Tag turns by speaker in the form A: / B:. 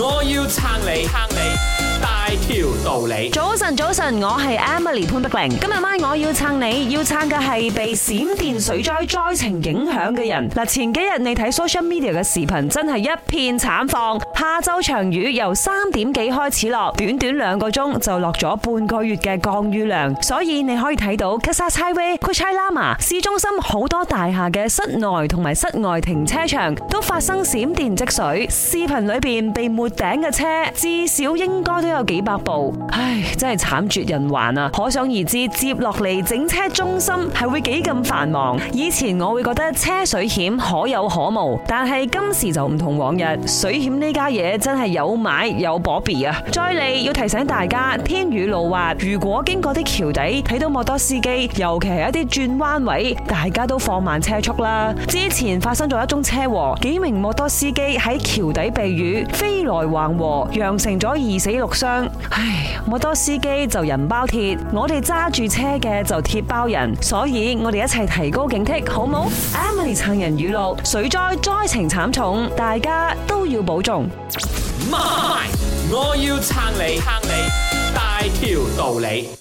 A: 我要撐你撐你大條道理。
B: 早晨，早晨，我係 Emily 潘碧玲。今日晚上我要撐你，要撐嘅係被閃電水災災情影響嘅人。嗱，前幾日你睇 social media 嘅視頻，真係一片慘況。下晝場雨由三點幾開始落，短短兩個鐘就落咗半個月嘅降雨量。所以你可以睇到 Kuchai Lama 市中心好多大廈嘅室內同埋室外停車場都發生閃電積水。視頻裏面被滿。頂嘅車至少應該都有幾百部，唉，真係慘絕人寰啊！可想而知，接落嚟整車中心係會幾咁繁忙。以前我會覺得車水險可有可無，但係今時就唔同往日，水險呢家嘢真係有買有保 B 啊！再嚟要提醒大家，天雨路滑，如果經過啲橋底，睇到摩托司機，尤其係一啲轉彎位，大家都放慢車速啦。之前發生咗一宗車禍，幾名摩托司機喺橋底避雨，飛落。台灣和釀成咗二死六傷，唉！好多司機就人包鐵，我哋揸住車嘅就鐵包人，所以我哋一齊提高警惕，好冇？Emily 撐人語錄：水災災情慘重，大家都要保重。
A: 我要撐你，撐你，大條道理。